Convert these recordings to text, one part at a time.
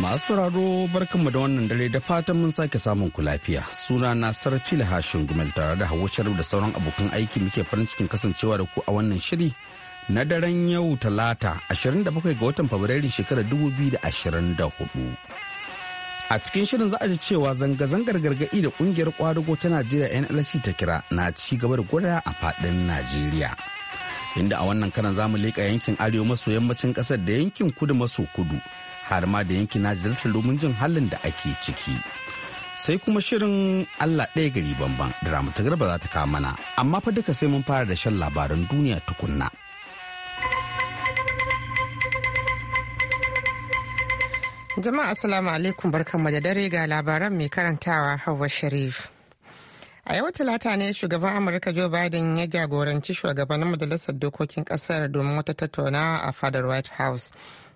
Masu sauraro barkanmu da wannan dare da fatan mun sake samun ku lafiya. Suna na Sarfila Hashin Gumel tare da Hawwa sharu da sauran abokan aiki muke farin cikin kasancewa da ku a wannan shiri na daren yau Talata 27 ga watan Fabrairu shekarar 2024. A cikin shirin za a ji cewa zanga-zangar gargaɗi da ƙungiyar ƙwadago ta Najeriya NLC ta kira na ci gaba da gwada a faɗin Najeriya. Inda a wannan karan zamu leƙa yankin arewa maso yammacin ƙasar da yankin kudu maso kudu. har ma da na Najeriya domin jin halin da ake ciki. Sai kuma shirin Allah ɗaya gari banban da ta garba za ta kawo mana, amma fa duka sai mun fara da shan labaran duniya tukunna. Jama'a Assalamu alaikum barkan da dare ga labaran mai karantawa Hauwa Sharif. a yau talata ne shugaban amurka joe biden ya jagoranci shugabannin majalisar dokokin kasar domin wata tattaunawa a fadar white house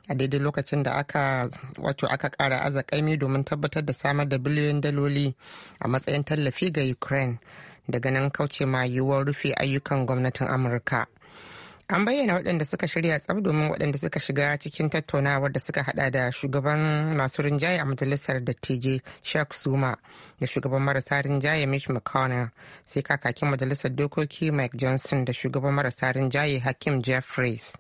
a daidai lokacin da aka wato aka kara aza azakaimi domin tabbatar da samar da biliyoyin daloli a matsayin tallafi ga ukraine daga nan kauce ma yiwuwar rufe ayyukan gwamnatin amurka an bayyana waɗanda suka shirya tsab domin waɗanda suka shiga cikin tattaunawar da suka hada da shugaban masu rinjaye a majalisar dattijai shak zuma da shugaban marasa rinjaye mitch mcconnell sai kakakin majalisar dokoki mike johnson da shugaban marasa rinjaye hakim jeffries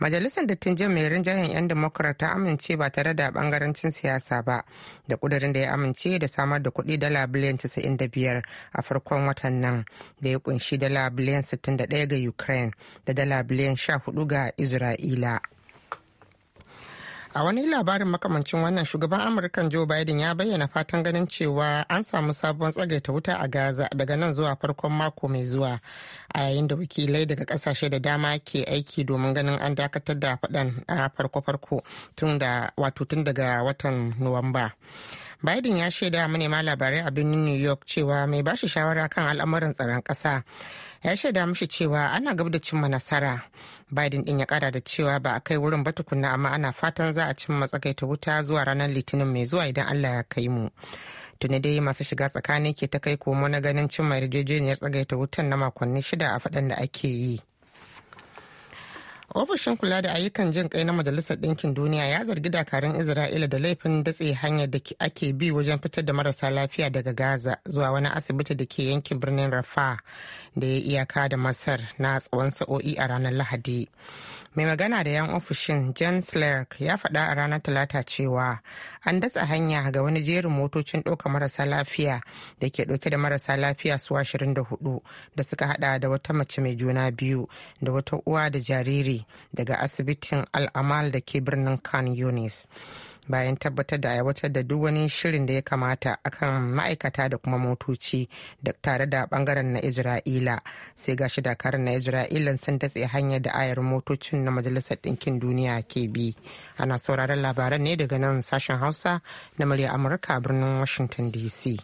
majalisar dattijan mai rinjayen 'yan demokrat ta amince ba tare da bangarancin siyasa ba da kudirin da ya amince da samar da kuɗi dala biliyan 95 a farkon watan nan da ya kunshi dala biliyan 61 ga ukraine da dala biliyan 14 ga isra'ila A wani labarin makamancin wannan shugaban Amurkan Joe Biden ya bayyana fatan ganin cewa an samu sabon tsagaita wuta a Gaza daga nan zuwa farkon mako mai zuwa a yayin da wakilai daga kasashe da dama ke aiki domin ganin an dakatar da faɗan a farko-farko tun wato tun daga watan Nuwamba. biden ya shaida manema labarai a birnin new york cewa mai bashi shawara kan al'amuran tsaron ƙasa ya shaida mushi cewa ana gab da cimma nasara biden din ya kara da cewa ba a kai wurin ba tukunna amma ana fatan za a cimma tsakaita wuta zuwa ranar litinin mai zuwa idan allah ya kai mu tuni dai masu shiga tsakani ke ta kai komo na ganin cimma yarjejeniyar tsagaita wutan na makonni shida a faɗan da ake yi ofishin kula da ayyukan jin kai na majalisar ɗinkin duniya ya zargi dakarun isra'ila da laifin datse hanyar da ake bi wajen fitar da marasa lafiya daga gaza zuwa wani asibiti da ke yankin birnin rafa da ya iyaka da masar na tsawon sa'o'i a ranar lahadi mai magana da yan ofishin jan slark ya faɗa a ranar talata cewa an datsa hanya ga wani jerin motocin ɗauka marasa lafiya da ke ɗauke da marasa lafiya su 24 da suka hada da wata mace mai juna biyu da wata uwa da jariri daga asibitin al'amal da ke birnin khan yunis bayan tabbatar da aiwatar da duk wani shirin da ya kamata akan ma'aikata da kuma motoci da tare da bangaren na isra'ila sai gashi dakarar na isra'ila sun datse hanyar da ayar motocin na majalisar ɗinkin duniya ke bi ana sauraron labaran ne daga nan sashen hausa na murya amurka birnin washington dc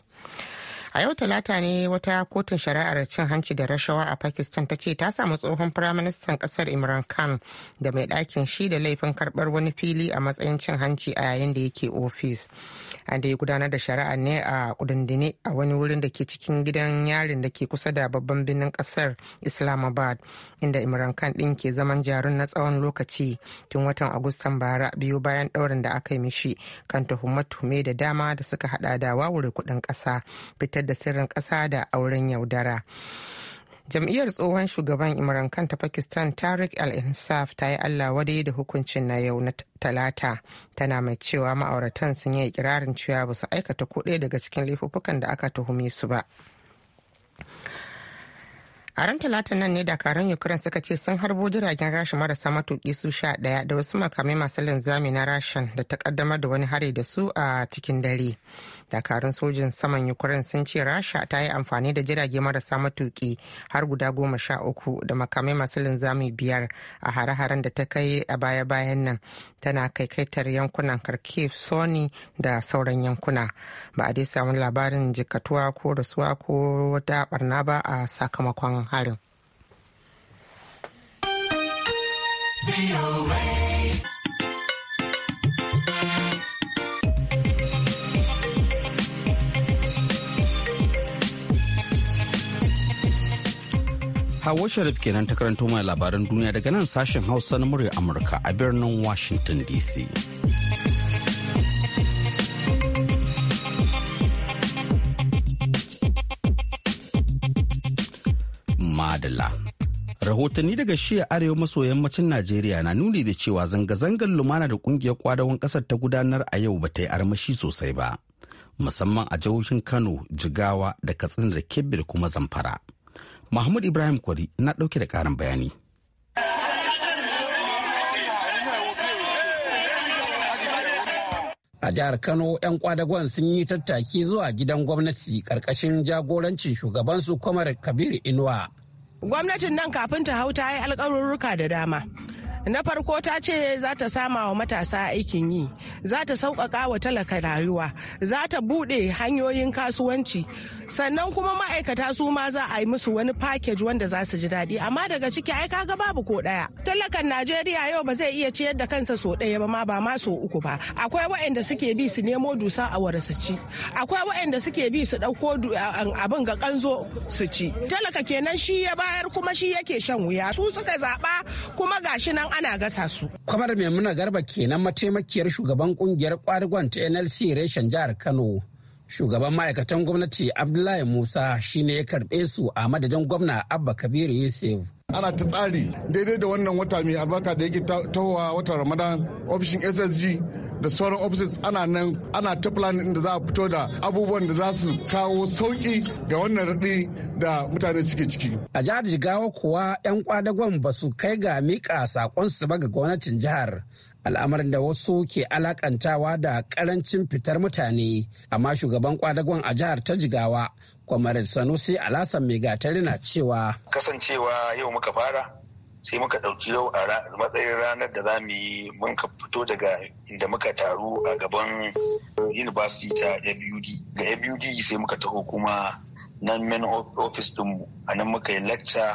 a yau talata ne wata kotun shari'ar cin hanci da rashawa a pakistan ta ce ta samu tsohon firaministan kasar imran khan da mai ɗakin shi da laifin karbar wani fili a matsayin cin hanci a yayin da yake ofis an da ya gudanar da shari'a ne a kudindine a wani wurin da ke cikin gidan yarin da ke kusa da babban birnin kasar islamabad inda imran khan ɗin ke zaman jarun na tsawon lokaci tun watan agustan bara biyu bayan ɗaurin da aka yi mishi kan tuhume-tuhume da dama da suka haɗa da wawure kuɗin ƙasa fitar da sirrin ƙasa da auren yaudara. jam'iyyar tsohon shugaban imran khan ta pakistan tariq al-insaf ta yi allah wadai da hukuncin na yau na talata tana mai cewa ma'auratan sun yi ikirarin cewa ba su aikata kuɗe daga cikin laifuffukan da aka tuhume su ba a ran talatin nan ne dakaran ukraine suka ce sun harbo jiragen rasha marasa matuki su sha ɗaya da wasu makamai masu linzami na rashin da ta kaddamar da wani hari da su a cikin dare dakarun sojin saman ukraine sun ce rasha ta yi amfani da jirage marasa matuki har guda goma sha uku da makamai masu linzami biyar a hare-haren da ta kai a baya-bayan nan tana kaikaitar yankunan kharkiv sony da sauran yankuna ba a dai samu labarin jikatuwa ko rasuwa ko wata barna ba a sakamakon harin. Hawa Sharif kenan ta karanto mana labaran duniya daga nan sashen Hausa na murya Amurka a birnin Washington DC. Madala. Rahotanni daga shiya arewa maso yammacin Najeriya na nuni da cewa zanga-zangar lumana da kungiyar kwadawan ƙasar ta gudanar a yau ba ta yi armashi sosai ba. Musamman a jihohin Kano, Jigawa da Katsina da Kebbi da kuma Zamfara. Mahmud Ibrahim Kwari na ɗauke da ƙarin bayani. A jihar Kano, 'yan kwadagon sun yi tattaki zuwa gidan gwamnati ƙarƙashin jagorancin shugabansu Kwamar Kabir Inuwa. Gwamnatin nan kafin ta hau ta yi alkawarurruka da dama. na farko ta ce za ta sama wa matasa aikin yi za ta sauƙaƙa wa talaka rayuwa za ta buɗe hanyoyin kasuwanci sannan kuma ma'aikata su ma za a yi musu wani package wanda za su ji daɗi amma daga ciki ai kaga babu ko ɗaya talakan najeriya yau ba zai iya ciyar da kansa so ɗaya ba ma ba ma so uku ba akwai waɗanda suke bi su nemo dusa a wara su ci akwai waɗanda suke bi su ɗauko abin ga kanzo su ci talaka kenan shi ya bayar kuma shi yake shan wuya su suka zaɓa kuma gashi nan don ana gasa su. Kwamar Maimuna Garba kenan mataimakiyar shugaban kungiyar kwarigon ta NLC reshen jihar Kano. Shugaban ma'aikatan gwamnati Abdullahi Musa shi ne ya karbe su a madadin gwamna Abba Kabiru Yusuf. ana ta tsari daidai da wannan wata mai albarka da yake tahowa watan ramadan ofishin ssg da sauran offices ana nan ana ta planning da za a fito da abubuwan da za su kawo sauki ga wannan raɗi da mutane suke ciki. A jihar Jigawa kuwa 'yan kwadagon ba su kai ga miƙa saƙonsu ba ga gwamnatin jihar. Al'amarin da wasu ke alakantawa da ƙarancin fitar mutane, amma shugaban kwadagon a jihar ta Jigawa, Kwamarin Sanusi Alasan Megatari na cewa. Kasancewa yau muka fara, sai muka ɗauki yau a matsayin ranar da za mu ka fito daga inda muka taru a gaban university ta ga abud sai muka taho kuma nan main office dinmu a nan muka yi lecture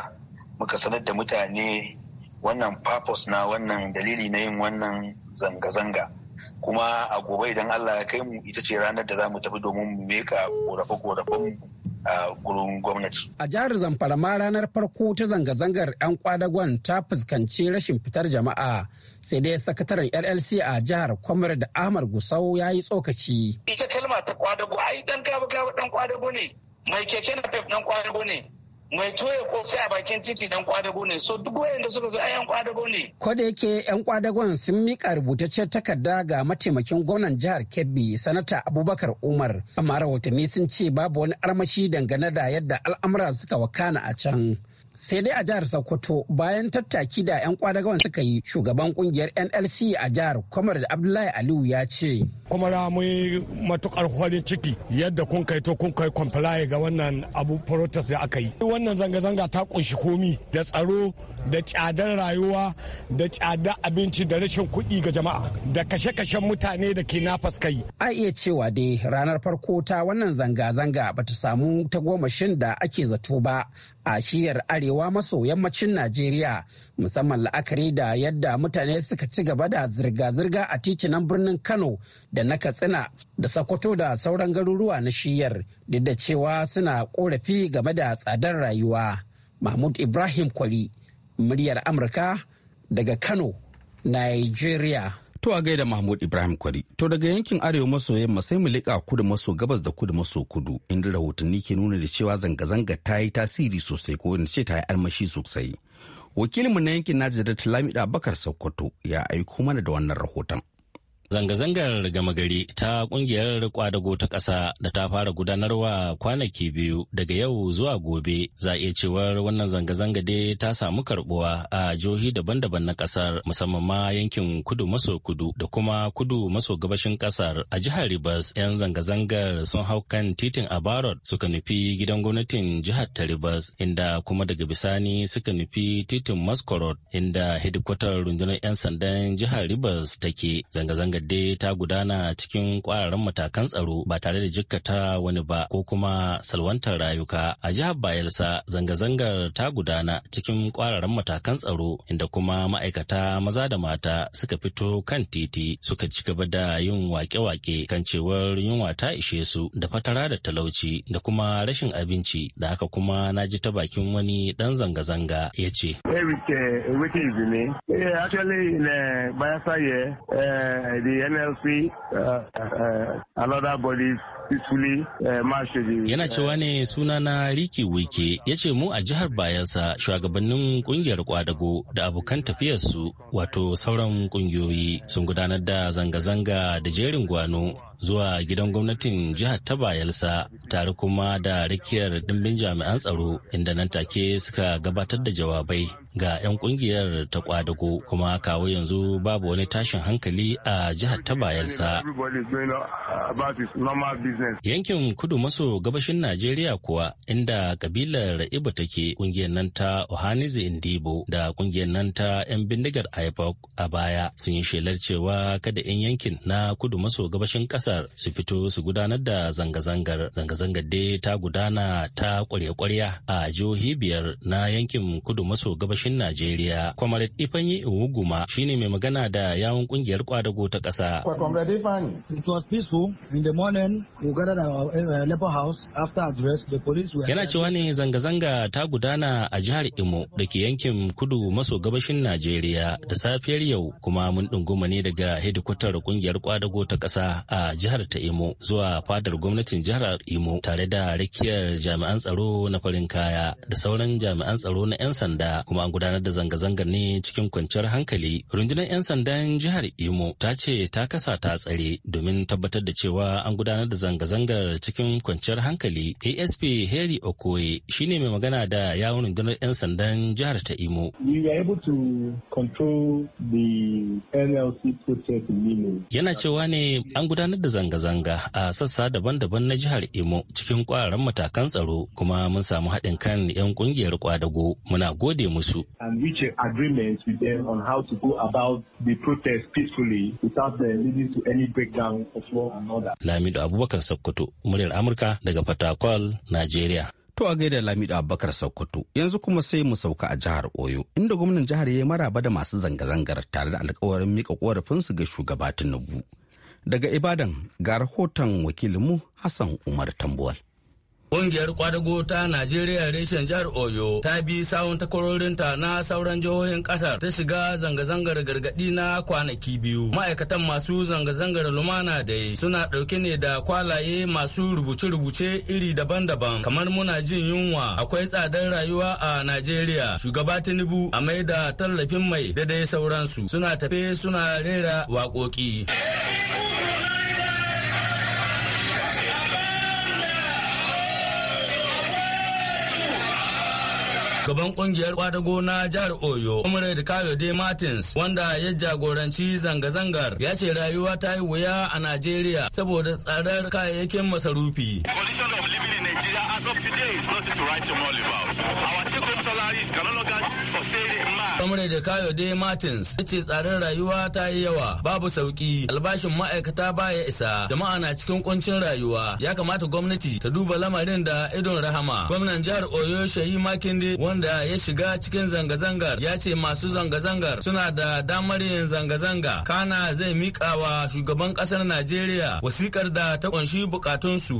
muka sanar da mutane wannan purpose na wannan dalili na yin wannan zanga-zanga kuma a gobe idan allah ya kai mu ita ce ranar da za mu tafi domin mu meka korafe-korafen a gurin gwamnati. A jihar Zamfara ma ranar farko ta zanga-zangar 'yan kwadagon ta fuskanci rashin fitar jama'a sai dai sakataren LLC a jihar Kwamar da Ahmad Gusau ya yi tsokaci. Ita kalma ta kwadago ai dan gaba gaba dan kwadago ne mai keke na pep dan kwadago ne mai toye ko sai a bakin titi dan kwadago ne so duk wayanda suka zo ayan kwadago ne ko da yake yan kwadagon sun mika rubutaccen takarda ga mataimakin gwamnan jihar Kebbi sanata Abubakar Umar amma rahotanni sun ce babu wani armashi dangane da yadda al'amura suka wakana a can sai dai a jihar sokoto bayan tattaki da 'yan kwadagawan suka yi shugaban kungiyar nlc a jihar kwamar da abdullahi aliyu ya ce kuma ra mu matukar farin ciki yadda kun kai to kun kai comply ga wannan abu protest da aka yi wannan zanga-zanga ta kunshi komi da tsaro da tsadar rayuwa da tsadar abinci da rashin kuɗi ga jama'a da kashe-kashen mutane da ke nafas kai a iya cewa dai ranar farko ta wannan zanga-zanga bata samu ta goma shin da ake zato ba a shiyar arewa maso yammacin Najeriya musamman la'akari da yadda mutane suka ci gaba da zirga-zirga a titunan birnin Kano da na Katsina da Sokoto da sauran garuruwa na shiyar duk da cewa suna korafi game da tsadar rayuwa. Mahmud Ibrahim Kwari, muryar Amurka daga Kano, Nigeria. To a gaida Mahmud Ibrahim Kwari. To daga yankin Arewa maso yamma sai mu leƙa kudu maso gabas da kudu maso kudu inda rahotanni ke nuna da cewa zanga-zanga ta yi tasiri sosai ko in ce ta yi armashi sosai. Wakilinmu na yankin Najeriya ta Talamida Bakar Sokoto ya aiko mana da wannan rahoton. Zanga-zangar gama gari ta kungiyar kwadago ta ƙasa da ta fara gudanarwa kwanaki biyu daga yau zuwa gobe za iya cewar wannan zanga-zanga dai ta samu karbuwa a jihohi daban-daban na ƙasar musamman ma yankin kudu maso kudu da kuma kudu maso gabashin ƙasar a jihar Ribas 'yan zanga-zangar sun hau kan titin Abarot suka nufi gidan gwamnatin jihar ta Ribas inda kuma daga bisani suka nufi titin Maskorod inda hedikwatar rundunar 'yan sandan jihar Ribas take zanga-zanga zanga ta gudana cikin kwararan matakan tsaro ba tare da jikkata wani ba ko kuma salwantar rayuka. A jihar Bayelsa zanga-zangar ta gudana cikin kwararan matakan tsaro inda kuma ma'aikata maza da mata suka fito kan titi suka ci gaba da yin wake-wake kan cewar yunwa ta ishe su da fatara da talauci da kuma rashin abinci da haka kuma na ji ta bakin wani dan zanga-zanga ya ce. the NLC, uh, uh, uh, Yana cewa ne suna na Riki Wike ya ce mu a jihar Bayelsa shugabannin kungiyar kwadago da abokan tafiyarsu wato sauran kungiyoyi sun gudanar da zanga-zanga da jerin gwano zuwa gidan gwamnatin jihar ta bayelsa tare kuma da rikiyar dimbin jami'an tsaro inda nan take suka gabatar da jawabai ga 'yan kungiyar ta kwadago kuma kawo yanzu babu wani tashin hankali a jihar ta bayelsa yankin kudu maso gabashin najeriya kuwa inda kabilar ibo take kungiyar nan ta ohanizi indibo da kungiyar nan ta 'yan bindigar ipoc a baya sun yi shelar cewa kada 'yan yankin na kudu maso gabashin ƙasa kasar su fito su gudanar da zanga-zangar zanga-zangar dai ta gudana ta kwarya-kwarya a jihohi biyar na yankin kudu maso gabashin najeriya comrade ifanyi shi shine mai magana da yawun ƙungiyar ƙwadago ta ƙasa. Eh, eh, yana cewa ne zanga-zanga ta gudana a jihar imo da ke yankin kudu maso gabashin najeriya da safiyar yau kuma mun ɗunguma ne daga hedikwatar ƙungiyar kwadago ta ƙasa a jihar ta Imo zuwa fadar gwamnatin jihar Imo tare da rakiyar jami'an tsaro na farin kaya da sauran jami'an tsaro na 'yan sanda kuma an gudanar da zanga-zangar ne cikin kwanciyar hankali. Rundunar 'yan sandan jihar Imo ta ce ta kasa ta tsare domin tabbatar da cewa an gudanar da zanga-zangar cikin kwanciyar hankali. ASP Harry Okoye shine mai magana da yawon rundunar 'yan sandan jihar ta Imo. Yana cewa ne an gudanar da zanga-zanga a sassa daban-daban na jihar Imo cikin kwararan matakan tsaro kuma mun samu haɗin kan 'yan ƙungiyar kwadago muna gode musu. And reach agreements with them on how to go about the protest peacefully without them leading to any breakdown of law and order. Lamido Abubakar Sokoto, muryar Amurka daga Fatakwal, Najeriya. To a gaida Lamido Abubakar Sokoto yanzu kuma sai mu sauka a jihar Oyo inda gwamnan jihar ya maraba da masu zanga-zangar tare da alkawarin mika korafinsu ga shugaba Tinubu. Daga Ibadan ga rahoton wakilinmu Hassan Umar Tambuwal. Ƙungiyar kwadago ta Najeriya reshen jihar Oyo ta bi sawun takwarorinta na sauran jihohin ƙasar ta shiga zanga-zangar gargaɗi na kwanaki biyu. Ma'aikatan masu zanga-zangar lumana dai suna ɗauke ne da kwalaye masu rubuce-rubuce iri daban-daban kamar muna jin yunwa akwai tsadar rayuwa a Najeriya shugaba Tinubu a mai da tallafin mai da dai sauransu suna tafe suna rera waƙoƙi. shugaban kungiyar kwadago na jihar Oyo, Comrade Kayode Martins, wanda ya jagoranci zanga-zangar, ya ce rayuwa ta yi wuya a Najeriya saboda tsadar kayayyakin masarufi. Our take-home salaries can no longer sustain Kwamre da Kayo De Martins ya ce tsarin rayuwa ta yi yawa babu sauki albashin ma'aikata baya isa jama'a na cikin kuncin rayuwa ya kamata gwamnati ta duba lamarin da idon rahama. Gwamnan jihar Oyo Shehi Makinde wanda ya shiga cikin zanga-zangar ya ce masu zanga-zangar suna da damar yin zanga-zanga kana zai miƙa wa shugaban ƙasar Najeriya wasikar da ta ƙunshi bukatunsu.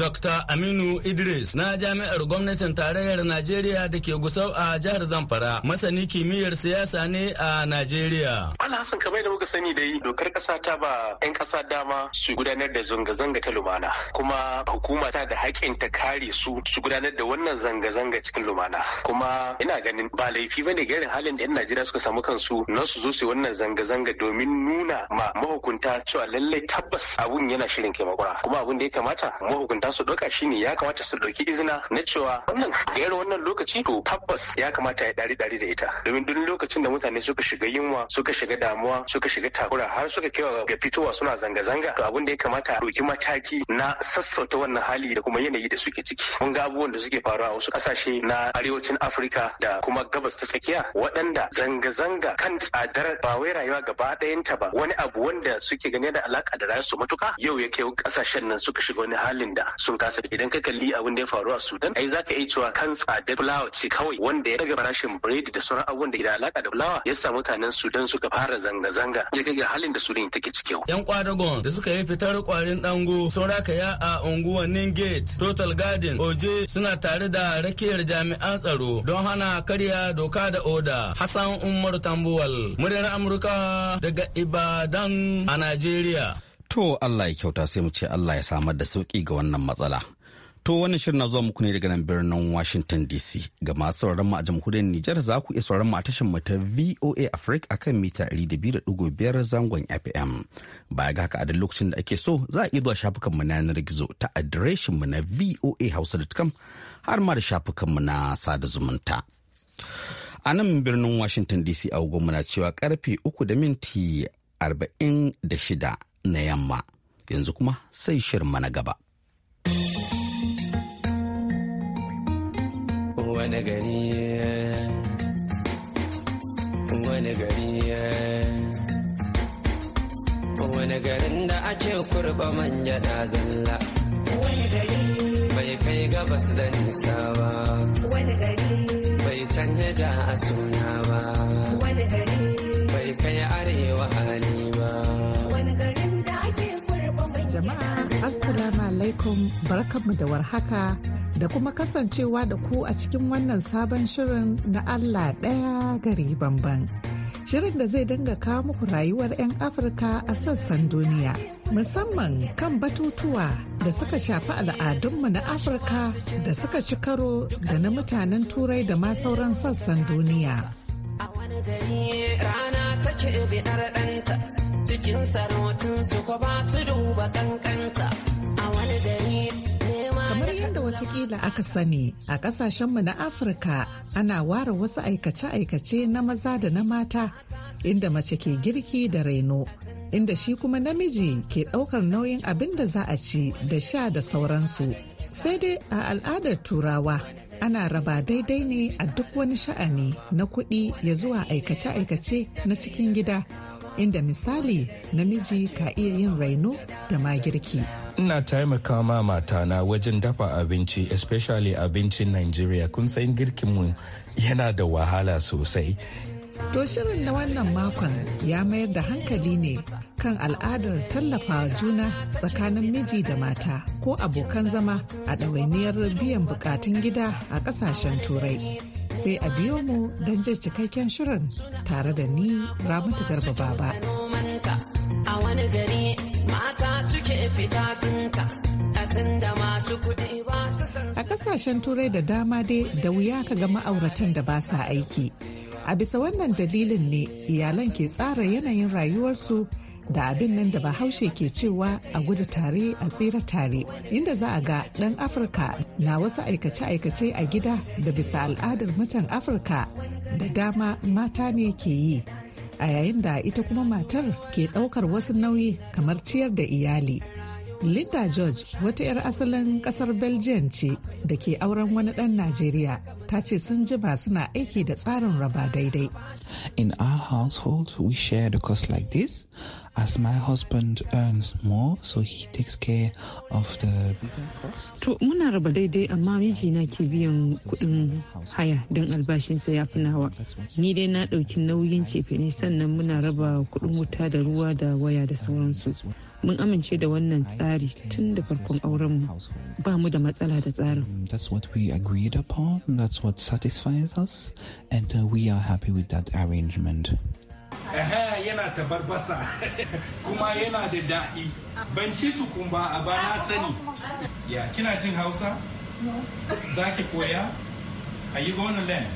Dr. Aminu Idris na jami'ar gwamnatin tarayyar Najeriya da ke Gusau a jihar Zamfara masani kimiyyar siyasa ne a Najeriya. Wala Hassan kamar da muka sani dai dokar kasa ta ba 'yan kasa dama su gudanar da zanga-zanga ta lumana kuma hukuma ta da hakkin ta kare su su gudanar da wannan zanga-zanga cikin lumana kuma ina ganin ba laifi bane ga irin halin da 'yan Najeriya suka samu kansu na su zo su wannan zanga-zanga domin nuna ma mahukunta cewa lallai tabbas abun yana shirin kai makura kuma abun da ya kamata mahukunta su ɗauka ne ya kamata kamata su ɗauki izina na cewa wannan gayar wannan lokaci to tabbas ya kamata ya dari dari da ita domin duk lokacin da mutane suka shiga yunwa suka shiga damuwa suka shiga takura har suka kewa ga fitowa suna zanga-zanga to abin da ya kamata a ɗauki mataki na sassauta wannan hali da kuma yanayi da suke ciki mun ga abubuwan da suke faruwa a wasu kasashe na arewacin afirka da kuma gabas ta tsakiya waɗanda zanga-zanga kan tsadar ba wai rayuwa gaba ɗayanta ba wani abu wanda suke gani da alaƙa da su matuka yau ya kai ƙasashen nan suka shiga wani halin da sun kasa idan ka kalli misali abin da ya faru a Sudan ai zaka iya cewa kan tsadar fulawa ce kawai wanda ya daga farashin biredi da sauran abubuwan da ke da alaka da fulawa ya sa mutanen Sudan suka fara zanga-zanga ya kai halin da Sudan take ciki. Yan kwadagon da suka yi fitar kwarin dango sun rakaya a unguwannin Gate, Total Garden, Oje suna tare da rakiyar jami'an tsaro don hana karya doka da oda. Hassan Umar Tambuwal, muryar Amurka daga Ibadan a Najeriya. To Allah ya kyauta sai mu ce Allah ya samar da sauki ga wannan matsala. To wannan shirin na zuwa muku ne daga nan birnin Washington DC. Ga masu sauraron mu a jamhuriyar Nijar za ku iya sauraron mu a tashar mu ta VOA Africa akan mita 200.5 zangon FM. Baya ga haka a duk lokacin da ake so za a iya zuwa shafukan mu na yanar gizo ta adireshin mu na voahausa.com har ma da shafukan mu na sada zumunta. A nan birnin Washington DC a mu muna cewa karfe uku da minti 46 na yamma. Yanzu kuma sai shirin mana gaba. wani gari wani gari wani garin da ake kurba manja da zalla wani gari bai kai gabas da nisa ba wani gari bai canja ja a suna ba wani gari bai kai arewa hali ba wani garin da ake kurba manja jama'a assalamu alaikum barkanmu da warhaka da kuma kasancewa da ku a cikin wannan sabon shirin na Allah ɗaya gari bamban. Shirin da zai dinga kawo muku rayuwar 'yan Afirka a sassan duniya, musamman kan batutuwa da suka shafi al'adunmu na Afirka da suka ci karo da na mutanen Turai da ma sauran sassan duniya. A wani gari rana take bidar ɗanta, cikin ko ba su duba kankanta a wani gari Kamar yadda watakila aka sani a kasashenmu na Afirka ana ware wasu aikace-aikace na maza da na mata inda mace ke girki da raino. Inda shi kuma namiji ke ɗaukar nauyin abin da za a ci da sha da sauransu. Sai dai a al'adar turawa ana raba daidai ne a duk wani sha'ani na kuɗi ya zuwa aikace-aikace na cikin gida inda misali namiji ka iya yin raino da ma girki. ina taimaka ma matana wajen dafa abinci especially abincin nigeria kun san girkinmu yana da wahala sosai To shirin na wannan makon ya mayar da hankali ne kan al'adar tallafa juna tsakanin miji da mata ko abokan zama a ɗawainiyar biyan bukatun gida a ƙasashen turai. Sai a biyo mu don jin cikakken shirin tare da ni Ramatu Garba Baba. A wani gari A kasashen turai da dama dai da wuya ka ga ma'auratan da ba sa aiki. A bisa wannan dalilin ne iyalan ke tsara yanayin rayuwarsu da abin nan da bahaushe ke cewa a gudu tare a tsira tare inda za a ga ɗan afirka na wasu aikace-aikace a gida da bisa al'adar mutan afirka da dama mata ne ke yi a yayin da ita kuma matar ke ɗaukar wasu nauyi kamar ciyar da iyali Linda George wata 'yar asalin kasar Belgium ce da ke auren wani ɗan Najeriya ta ce sun suna aiki da tsarin raba daidai. In our household we share the cost like this as my husband earns more so he takes care of the To muna raba daidai amma mijina ke biyan kudin haya don albashinsa ya fi nawa. Ni dai na ɗauki nauyin cefe ne sannan muna raba kudin wuta da ruwa da waya da sauransu. mun amince da wannan tsari tun da farkon auren mu ba mu da matsala da tsarin mm, that's what we agreed upon that's what satisfies us and uh, we are happy with that arrangement yana tabarbasa kuma yana da daɗi ban ci tukun ba a ba na sani ya kina jin hausa za ki koya a yi gona land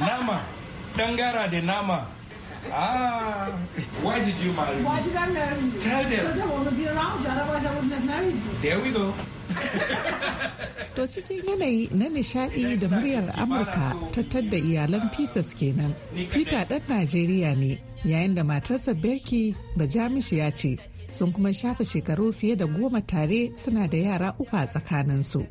nama dangara da nama Ah, why did you marry me? Why did I marry you? Tell them. Because I want to be around you, otherwise I wouldn't have married you. There we go. To cikin yanayi na nishadi da muryar Amurka ta tadda iyalan Peters kenan. Peter ɗan Najeriya ne, yayin da matarsa Becky Bajamishi ya ce, sun kuma shafa shekaru fiye da goma tare suna da yara uku a tsakaninsu.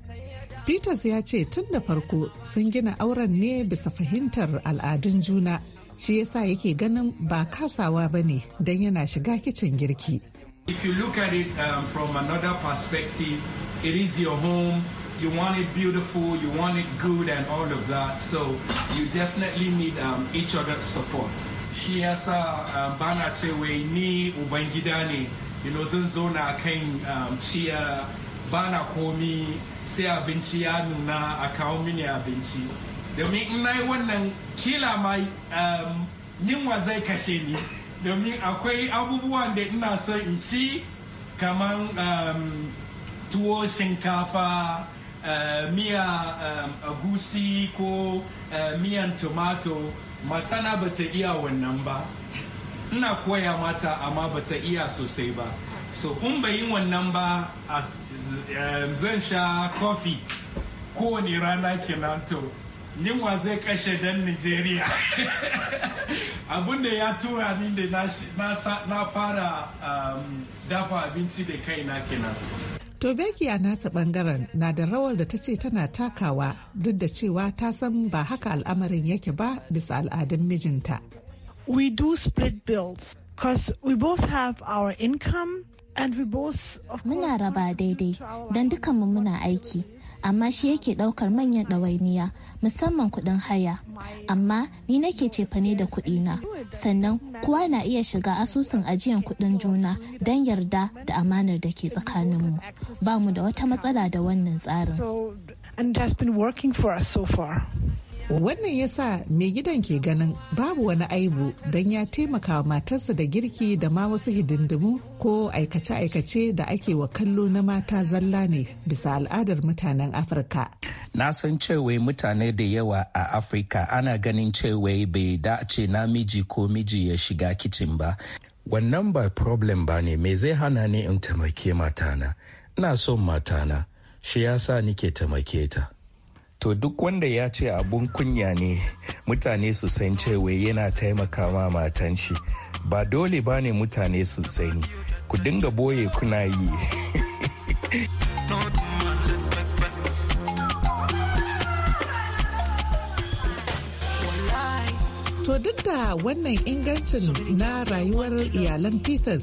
Peters ya ce tun da farko sun gina auren ne bisa fahimtar al'adun juna shi yasa yake ganin ba kasawa ba ne don yana shiga kicin girki. If you look at it um, from another perspective, it is your home, you want it beautiful, you want it good and all of that, so you definitely need um, each other's support. Shi yasa um, bana cewa ni Ubangida ne, you know, zan zauna kan um, ciya bana komi sai abinci ya nuna a kawo mini abinci. domin in na yi wannan kila ma um, yinwa zai kashe ni domin akwai abubuwan da ina so in ci kamar um, tuwo shinkafa uh, miya agusi um, ko uh, miyan tomato Mata na bata iya wannan ba ina koya mata amma ba ta iya sosai ba so in bayin wannan ba zan sha kofi kowane rana kenan to yunwa zai kashe dan nigeria abinda ya tura ni da na fara um, dafa abinci da kaina kenan Tobekiya nata bangaren na da rawar da ta ce tana takawa duk da cewa ta san ba haka al'amarin yake ba bisa al'adun mijinta. We do split bills because we both have our income and we both Muna raba daidai don dukanmu muna aiki. amma shi yake daukar manyan ɗawainiya musamman kuɗin haya amma ni nake cefane da kuɗina sannan kowa na iya shiga asusun ajiyan kuɗin juna don yarda da amanar da ke tsakaninmu ba mu da wata matsala da wannan tsarin wannan ya sa mai gidan ke ganin babu wani aibu don ya taimaka matarsa da girki da ma wasu hidindimu ko aikace-aikace da ake wa kallo na mata zalla ne bisa al'adar mutanen afirka na san cewa mutane da yawa a afirka ana ganin cewa bai dace namiji ko miji ya shiga kicin ba wannan ba problem ba ne mai zai hana ni in taimake matana ina son matana shi ya sa nike taimake ta to duk wanda ya ce abun kunya ne mutane su san cewa yana taimakawa matan shi ba dole ba ne mutane su sani ku dinga boye kuna yi To duk da wannan ingancin na rayuwar iyalan Peters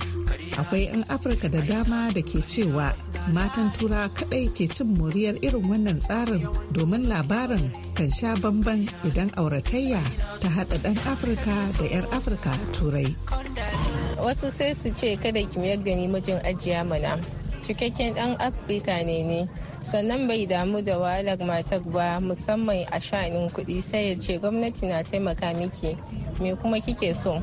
akwai 'yan Afirka da dama da ke cewa matan tura kadai ke cin moriyar irin wannan tsarin domin labarin kan sha bamban idan auratayya ta haɗa ɗan afirka da 'yar afirka turai wasu sai su ce kada ki mayar da ni mijin ajiya mana cikakken ɗan afirka ne ne sannan bai damu da wahalar matar ba musamman a sha'anin kuɗi sai ya ce gwamnati na taimaka miki me kuma kike so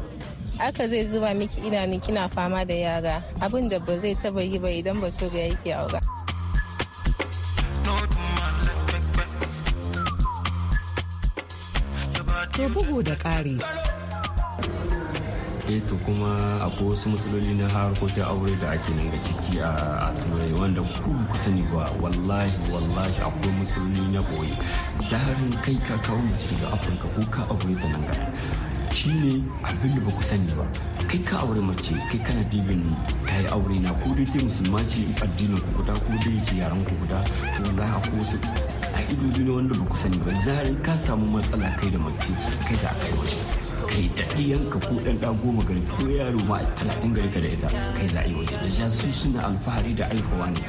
aka zai zuba miki idanu kina fama da yara abin da ba zai taba yi ba idan ba so ga yake aura To bugu da ƙari eh to kuma akwai wasu matsaloli na harkokin aure da ake nan ga ciki a turai wanda ku sani ba wallahi wallahi akwai matsaloli na boye zarin kai ka kawo mace daga afirka ko ka aure ta nan gaba. shine abin da ba ku sani ba kai ka aure mace kai kana dibin ta yi aure na ko dai musulma ce addinin ku guda ko dai ce yaran ku guda to wallahi a ko su a ido ne wanda ba ku sani ba zarin ka samu matsala kai da mace kai za ka yi waje kai da ɗiyanka ko ɗan ɗa goma gari ko yaro ma a talatin gari ka da ita kai za a yi waje da ja su suna alfahari da aikawa ne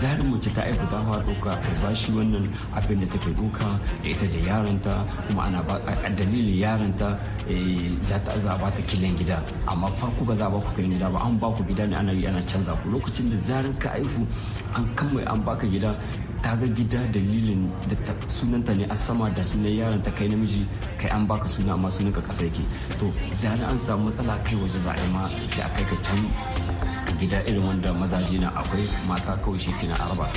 zarin mace ta aika ta fara ɗauka a ba shi wannan abin da take doka da ita da yaranta kuma ana ba a dalilin yaranta Eh, za ba ta kilin gida amma farko ba za ba ku kilin gida ba an ba ku gida ne ana yi ana canza ku lokacin da zarar ka aihu an kammai an baka gida ta ga gida dalilin da sunanta ne a sama da sunan yaron ta kai namiji kai an baka suna amma sunanka kasa yake to zarar an samu matsala kai waje za a yi ma da aka ka can gida irin wanda mazaje na akwai mata kawai shi kina arba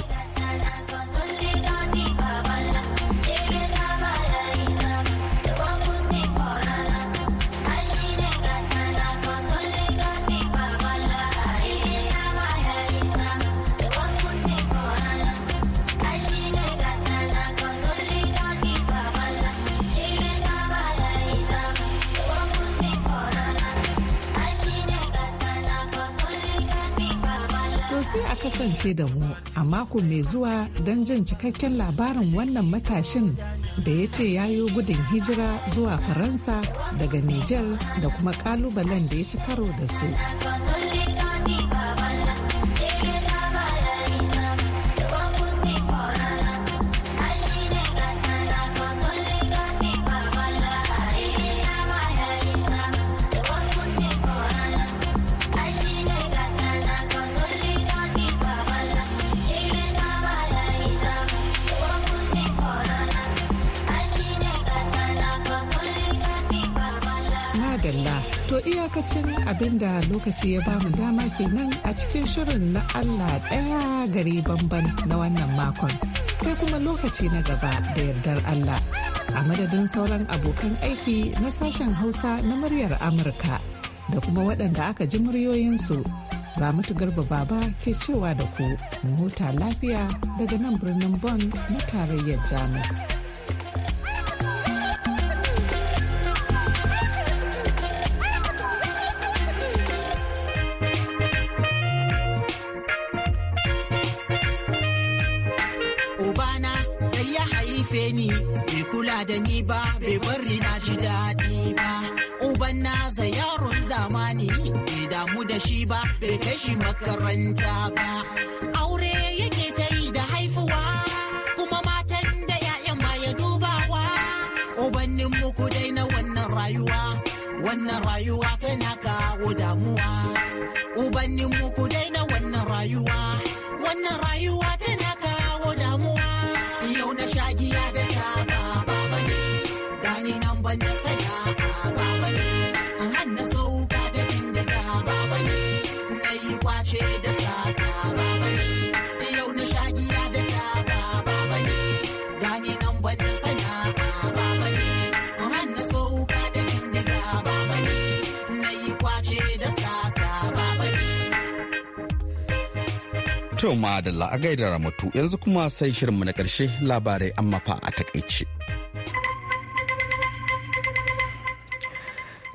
kasance da mu a mako mai zuwa don jin cikakken labarin wannan matashin da ya ce ya yi gudun hijira zuwa Faransa daga Nijar da kuma kalubalen da ya ci karo da su. cin abinda lokaci ya bamu dama kenan a cikin shirin na Allah ɗaya gari bamban na wannan makon. Sai kuma lokaci na gaba da yardar Allah. A madadin sauran abokan aiki na sashen Hausa na muryar Amurka da kuma waɗanda aka ji muryoyinsu. Ramatu Garba Baba ke cewa da ku, mu huta lafiya daga nan birnin Bonn na tarayyar Jamus. Na zayarun zamani bai damu da shi ba bai kai shi makaranta ba aure yake ta yi da haifuwa kuma matan da 'ya'yan ma ya dubawa ubannin muku dai na wannan rayuwa wannan rayuwa tana kawo damuwa ubannin muku dai na wannan rayuwa wannan rayuwa tana kawo damuwa yau na shagiya da ta ba ba ne gani nan ban da tsaya ba ne To madalla a gaida ramatu yanzu kuma sai shirinmu na ƙarshe labarai amma fa a takaice.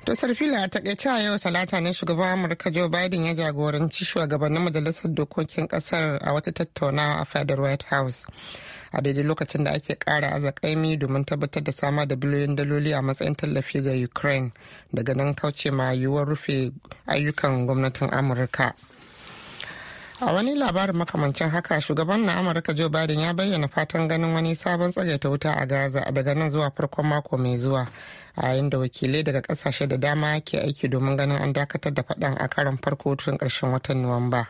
Tosar fila a takaice a yau talata ne shugaban Amurka Joe Biden ya jagoranci shugabannin majalisar dokokin kasar a wata tattaunawa a fadar White House. A daidai lokacin da ake kara azakaimi domin tabbatar da samar da biliyoyin daloli a matsayin tallafi ga Ukraine daga nan kauce ma yiwuwar rufe ayyukan gwamnatin Amurka. a wani labarin makamancin haka shugaban na amurka joe biden ya bayyana fatan ganin wani sabon tsagaita wuta a gaza daga nan zuwa farkon mako mai zuwa a yayin da wakilai daga kasashe da dama ke aiki domin ganin an dakatar da faɗan a karon farko tun karshen watan nuwamba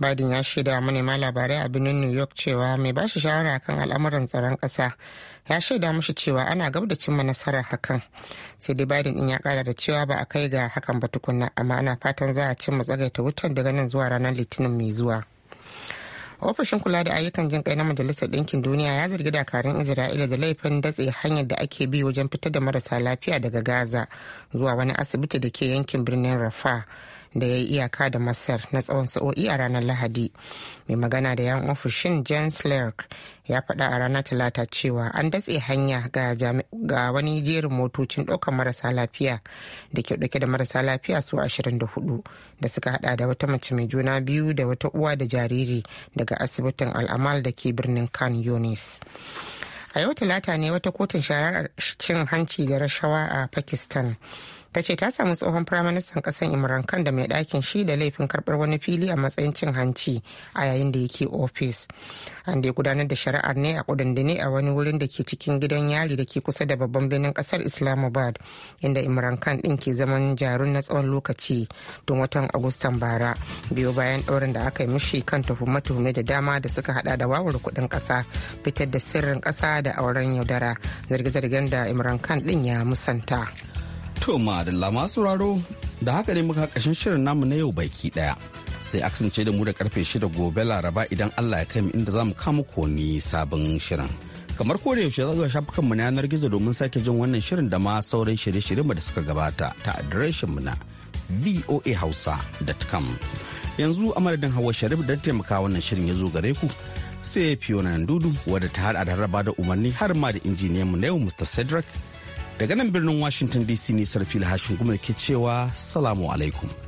biden ya shaida manema labarai a birnin new york cewa mai bashi shawara kan al'amuran tsaron ƙasa ya shaida mushi cewa ana gab da cimma nasarar hakan sai dai biden din ya kara da cewa ba a kai ga hakan ba tukunna amma ana fatan za a cimma tsagaita wutan daga nan zuwa ranar litinin mai zuwa ofishin kula da ayyukan jin kai na majalisar ɗinkin duniya ya zargi dakarun isra'ila da laifin datse hanyar da ake bi wajen fitar da marasa lafiya daga gaza zuwa wani asibiti da ke yankin birnin rafah. da ya yi iyaka da masar na tsawon sa'o'i a ranar lahadi mai magana da yan ofishin james clerk ya faɗa a ranar talata cewa an datse hanya ga wani jerin motocin ɗaukar marasa lafiya da ke ɗauke da marasa lafiya su 24 da suka hada da wata mace mai juna biyu da wata uwa da jariri daga asibitin al'amal da ke birnin kan yunis a yau talata ne wata kotun sharar cin hanci da rashawa a pakistan ta ce ta samu tsohon firaministan kasan imran khan da mai ɗakin shi da laifin karɓar wani fili a matsayin cin hanci a yayin da yake ofis an da gudanar da shari'ar ne a kudindini a wani wurin da ke cikin gidan yari da ke kusa da babban birnin kasar islamabad inda imran khan ɗin ke zaman jarun na tsawon lokaci tun watan agustan bara biyo bayan ɗaurin da aka yi mishi kan tuhume-tuhume da dama da suka hada da wawar kuɗin ƙasa fitar da sirrin ƙasa da auren yaudara zarge-zargen da imran khan ɗin ya musanta. To da masu raro da haka ne muka kashin shirin namu na yau baki daya. Sai a kasance da mu da karfe shida gobe laraba idan Allah ya kai mu inda za mu kama wani sabon shirin. Kamar ko da yaushe za ga shafukan mu na yanar gizo domin sake jin wannan shirin da ma sauran shirye-shiryen da suka gabata ta adireshin mu na voahausa.com. Yanzu a madadin Hawa Sharif da taimaka wannan shirin ya zo gare ku sai Fiona Dudu wadda ta hada da raba da umarni har ma da injiniyan mu na yau Mr. Cedric daga nan birnin washington dc ne sarfil hashin kuma ke cewa salamu alaikum